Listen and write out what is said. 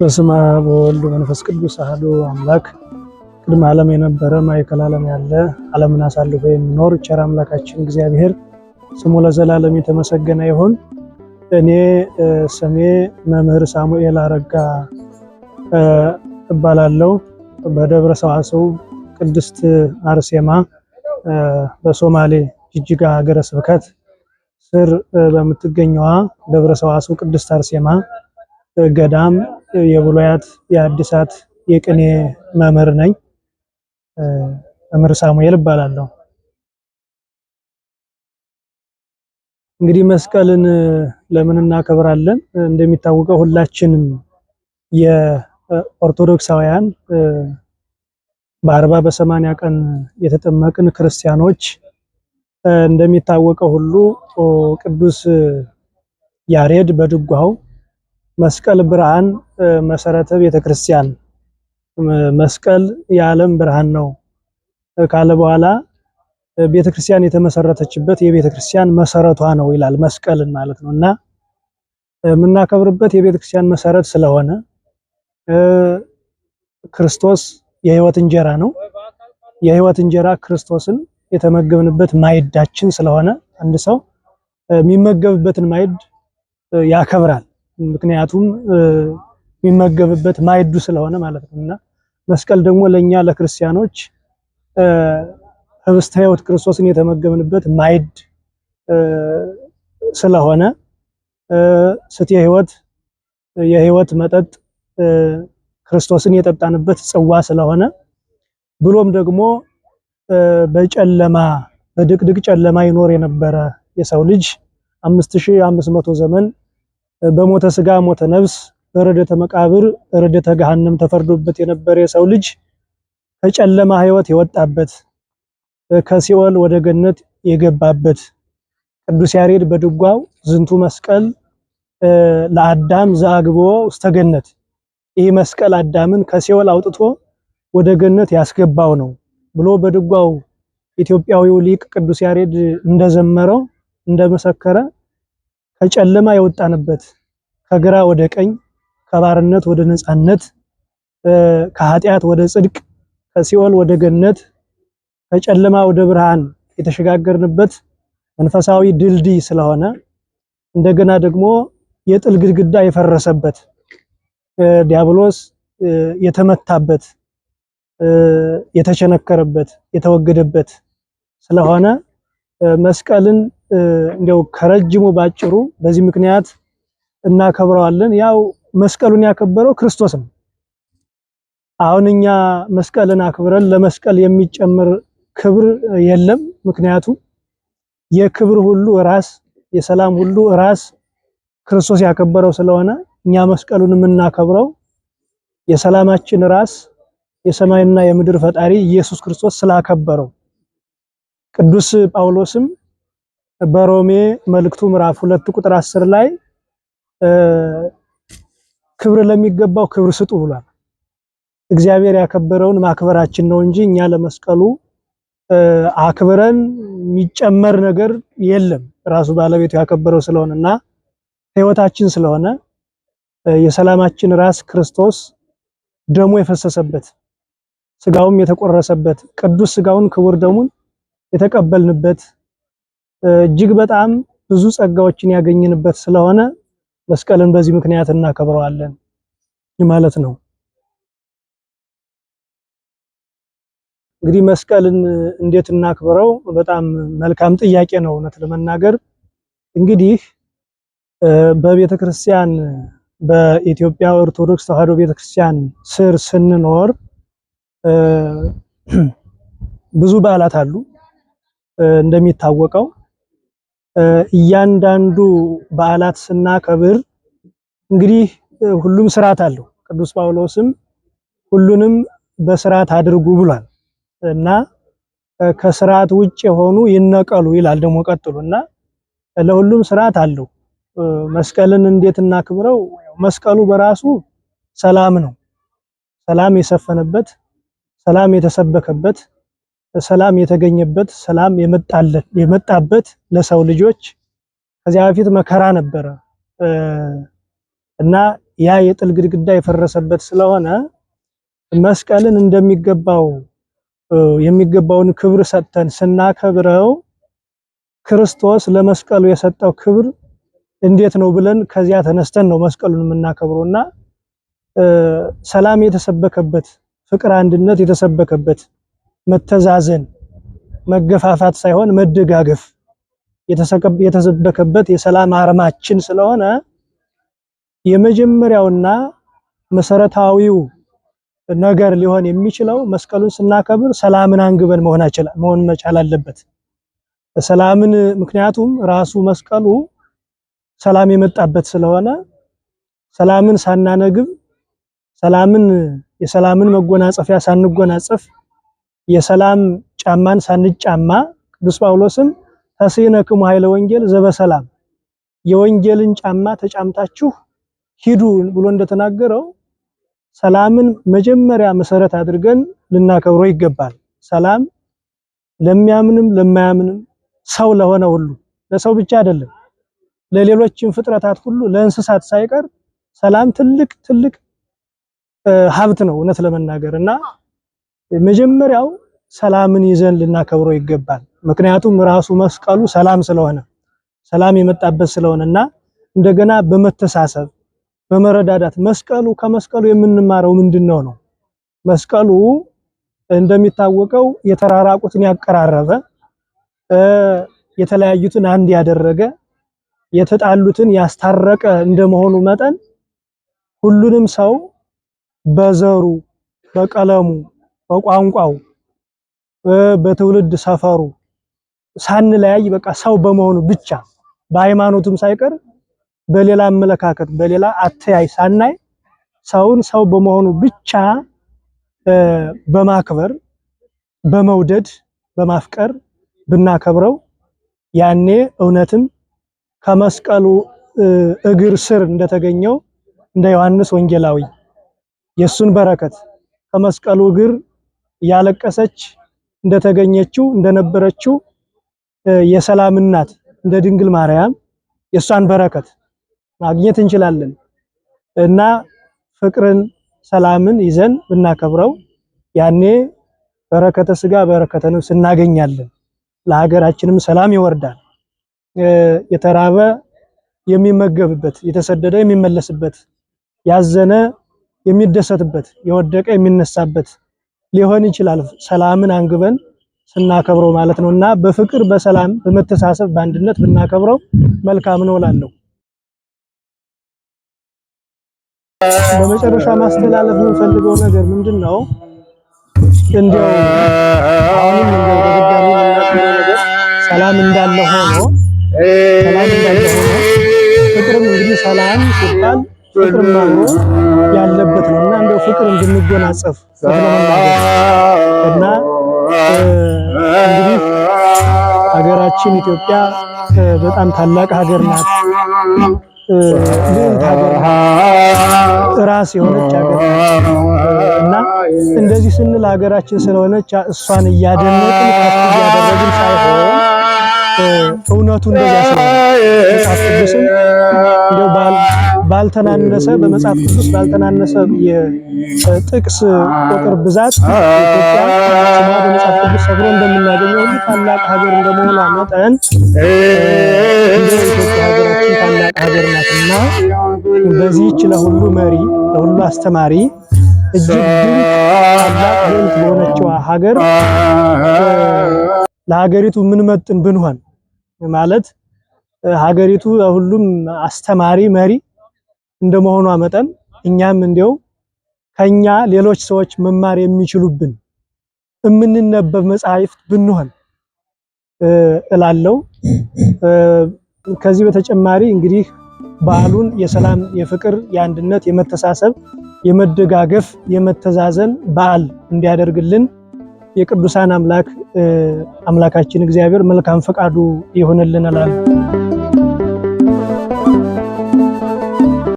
በስመ አብ ወወልድ መንፈስ ቅዱስ አሐዱ አምላክ ቅድመ ዓለም የነበረ ማይከል ዓለም ያለ ዓለምን አሳልፎ የሚኖር ቸር አምላካችን እግዚአብሔር ስሙ ለዘላለም የተመሰገነ ይሁን። እኔ ስሜ መምህር ሳሙኤል አረጋ እባላለሁ። በደብረ ሰዋስው ቅድስት አርሴማ በሶማሌ ጅጅጋ ሀገረ ስብከት ስር በምትገኘዋ ደብረ ሰዋስው ቅድስት አርሴማ ገዳም የብሉያት የአዲሳት የቅኔ መምህር ነኝ። መምህር ሳሙኤል እባላለሁ። እንግዲህ መስቀልን ለምን እናከብራለን? እንደሚታወቀው ሁላችንም የኦርቶዶክሳውያን በአርባ በሰማንያ ቀን የተጠመቅን ክርስቲያኖች እንደሚታወቀው ሁሉ ቅዱስ ያሬድ በድጓው መስቀል ብርሃን መሰረተ ቤተክርስቲያን መስቀል የዓለም ብርሃን ነው ካለ በኋላ ቤተክርስቲያን የተመሰረተችበት የቤተክርስቲያን መሰረቷ ነው ይላል። መስቀልን ማለት ነው እና የምናከብርበት የቤተክርስቲያን መሰረት ስለሆነ ክርስቶስ የህይወት እንጀራ ነው። የህይወት እንጀራ ክርስቶስን የተመገብንበት ማዕዳችን ስለሆነ አንድ ሰው የሚመገብበትን ማዕድ ያከብራል። ምክንያቱም የሚመገብበት ማዕዱ ስለሆነ ማለት ነው እና መስቀል ደግሞ ለኛ ለክርስቲያኖች ህብስተ ክርስቶስን የተመገብንበት ማዕድ ስለሆነ ስትየ ህይወት የህይወት መጠጥ ክርስቶስን የጠጣንበት ጽዋ ስለሆነ ብሎም ደግሞ በጨለማ በድቅድቅ ጨለማ ይኖር የነበረ የሰው ልጅ 5500 ዘመን በሞተ ስጋ ሞተ ነፍስ በረደተ መቃብር ረደተ ገሃነም ተፈርዶበት የነበረ የሰው ልጅ ከጨለማ ህይወት የወጣበት ከሲኦል ወደ ገነት የገባበት ቅዱስ ያሬድ በድጓው ዝንቱ መስቀል ለአዳም ዘአግቦ ውስተ ገነት ይህ መስቀል አዳምን ከሲኦል አውጥቶ ወደ ገነት ያስገባው ነው። ብሎ በድጓው ኢትዮጵያዊው ሊቅ ቅዱስ ያሬድ እንደዘመረው እንደመሰከረ ከጨለማ የወጣንበት ከግራ ወደ ቀኝ ከባርነት ወደ ነፃነት ከኃጢአት ወደ ጽድቅ ከሲኦል ወደ ገነት ከጨለማ ወደ ብርሃን የተሸጋገርንበት መንፈሳዊ ድልድይ ስለሆነ እንደገና ደግሞ የጥል ግድግዳ የፈረሰበት ዲያብሎስ የተመታበት የተቸነከረበት የተወገደበት ስለሆነ መስቀልን እንደው ከረጅሙ ባጭሩ በዚህ ምክንያት እናከብረዋለን። ያው መስቀሉን ያከበረው ክርስቶስ ነው። አሁን እኛ መስቀልን አክብረን ለመስቀል የሚጨምር ክብር የለም። ምክንያቱም የክብር ሁሉ ራስ የሰላም ሁሉ ራስ ክርስቶስ ያከበረው ስለሆነ እኛ መስቀሉን የምናከብረው የሰላማችን ራስ የሰማይና የምድር ፈጣሪ ኢየሱስ ክርስቶስ ስላከበረው። ቅዱስ ጳውሎስም በሮሜ መልእክቱ ምዕራፍ ሁለት ቁጥር አስር ላይ ክብር ለሚገባው ክብር ስጡ ብሏል። እግዚአብሔር ያከበረውን ማክበራችን ነው እንጂ እኛ ለመስቀሉ አክብረን የሚጨመር ነገር የለም። ራሱ ባለቤቱ ያከበረው ስለሆነና ህይወታችን ስለሆነ የሰላማችን ራስ ክርስቶስ ደሞ የፈሰሰበት ስጋውም የተቆረሰበት ቅዱስ ስጋውን ክቡር ደሙን የተቀበልንበት እጅግ በጣም ብዙ ጸጋዎችን ያገኝንበት ስለሆነ መስቀልን በዚህ ምክንያት እናከብረዋለን ማለት ነው። እንግዲህ መስቀልን እንዴት እናክብረው? በጣም መልካም ጥያቄ ነው። እውነት ለመናገር እንግዲህ በቤተ ክርስቲያን በኢትዮጵያ ኦርቶዶክስ ተዋሕዶ ቤተ ክርስቲያን ስር ስንኖር ብዙ በዓላት አሉ። እንደሚታወቀው እያንዳንዱ በዓላት ስናከብር እንግዲህ ሁሉም ስርዓት አለው። ቅዱስ ጳውሎስም ሁሉንም በስርዓት አድርጉ ብሏል እና ከስርዓት ውጭ የሆኑ ይነቀሉ ይላል ደግሞ ቀጥሎ እና ለሁሉም ስርዓት አለው። መስቀልን እንዴት እናክብረው? መስቀሉ በራሱ ሰላም ነው። ሰላም የሰፈነበት ሰላም የተሰበከበት ሰላም የተገኘበት ሰላም የመጣበት ለሰው ልጆች ከዚያ በፊት መከራ ነበረ እና ያ የጥል ግድግዳ የፈረሰበት ስለሆነ መስቀልን እንደሚገባው የሚገባውን ክብር ሰጥተን ስናከብረው ክርስቶስ ለመስቀሉ የሰጠው ክብር እንዴት ነው ብለን ከዚያ ተነስተን ነው መስቀሉን እና ሰላም የተሰበከበት ፍቅር፣ አንድነት የተሰበከበት መተዛዘን፣ መገፋፋት ሳይሆን መደጋገፍ የተሰበከበት የሰላም አርማችን ስለሆነ የመጀመሪያውና መሰረታዊው ነገር ሊሆን የሚችለው መስቀሉን ስናከብር ሰላምን አንግበን መሆን መቻል አለበት። ሰላምን ምክንያቱም ራሱ መስቀሉ ሰላም የመጣበት ስለሆነ ሰላምን ሳናነግብ ሰላምን የሰላምን መጎናጸፊያ ሳንጎናጸፍ የሰላም ጫማን ሳንጫማ ቅዱስ ጳውሎስም ተስዒነክሙ ኃይለ ወንጌል ዘበሰላም የወንጌልን ጫማ ተጫምታችሁ ሂዱ ብሎ እንደተናገረው ሰላምን መጀመሪያ መሰረት አድርገን ልናከብሮ ይገባል። ሰላም ለሚያምንም ለማያምንም ሰው ለሆነ ሁሉ ለሰው ብቻ አይደለም፣ ለሌሎችም ፍጥረታት ሁሉ ለእንስሳት ሳይቀር ሰላም ትልቅ ትልቅ ሀብት ነው እውነት ለመናገር እና መጀመሪያው ሰላምን ይዘን ልናከብረው ይገባል። ምክንያቱም ራሱ መስቀሉ ሰላም ስለሆነ ሰላም የመጣበት ስለሆነ እና እንደገና በመተሳሰብ በመረዳዳት መስቀሉ ከመስቀሉ የምንማረው ምንድነው ነው? መስቀሉ እንደሚታወቀው የተራራቁትን ያቀራረበ፣ የተለያዩትን አንድ ያደረገ፣ የተጣሉትን ያስታረቀ እንደመሆኑ መጠን ሁሉንም ሰው በዘሩ በቀለሙ በቋንቋው በትውልድ ሰፈሩ ሳንለያይ በቃ ሰው በመሆኑ ብቻ በሃይማኖቱም ሳይቀር በሌላ አመለካከት በሌላ አተያይ ሳናይ ሰውን ሰው በመሆኑ ብቻ በማክበር በመውደድ በማፍቀር ብናከብረው ያኔ እውነትም ከመስቀሉ እግር ስር እንደተገኘው እንደ ዮሐንስ ወንጌላዊ የሱን በረከት ከመስቀሉ እግር እያለቀሰች እንደተገኘችው እንደነበረችው የሰላም እናት እንደ ድንግል ማርያም የሷን በረከት ማግኘት እንችላለን እና ፍቅርን፣ ሰላምን ይዘን ብናከብረው ያኔ በረከተ ስጋ በረከተ ነፍስ እናገኛለን። ለሀገራችንም ሰላም ይወርዳል። የተራበ የሚመገብበት፣ የተሰደደ የሚመለስበት፣ ያዘነ የሚደሰትበት የወደቀ የሚነሳበት ሊሆን ይችላል። ሰላምን አንግበን ስናከብረው ማለት ነው እና በፍቅር በሰላም በመተሳሰብ በአንድነት ብናከብረው መልካም ነው እላለሁ። በመጨረሻ ማስተላለፍ የምንፈልገው ነገር ምንድን ነው? እንደው ሰላም እንዳለ ሆኖ ሰላም እንዳለ ሆኖ ፍቅርም እንግዲህ ሰላም ሲባል ፍቅር ያለበት ነው እና እንደው ፍቅር እንድንጎናጸፍ እና እንግዲህ ሀገራችን ኢትዮጵያ በጣም ታላቅ ሀገር ናት። ራስ የሆነች ሀገር እና እንደዚህ ስንል ሀገራችን ስለሆነች እሷን እያደነቅን እያደረግን ሳይሆን እውነቱ እንደዚያ ስለሆነ ቅዱስም እንደው ባልተናነሰ በመጽሐፍ ቅዱስ ባልተናነሰ የጥቅስ ቁጥር ብዛት ኢትዮጵያ በመጽሐፍ ቅዱስ እንደምናገኘው ሁሉ ታላቅ ሀገር እንደመሆኗ መጠን ሀገራችን ታላቅ ሀገር ናትና በዚህች ለሁሉ መሪ ለሁሉ አስተማሪ እጅግ ድንቅ ሀገር ለሀገሪቱ ምን መጥን ብንሆን ማለት ሀገሪቱ ለሁሉም አስተማሪ መሪ እንደመሆኗ መጠን እኛም እንዲያው ከኛ ሌሎች ሰዎች መማር የሚችሉብን የምንነበብ መጽሐፍት ብንሆን እላለው። ከዚህ በተጨማሪ እንግዲህ በዓሉን የሰላም፣ የፍቅር፣ የአንድነት፣ የመተሳሰብ፣ የመደጋገፍ፣ የመተዛዘን በዓል እንዲያደርግልን የቅዱሳን አምላክ አምላካችን እግዚአብሔር መልካም ፈቃዱ ይሆንልን እላለሁ።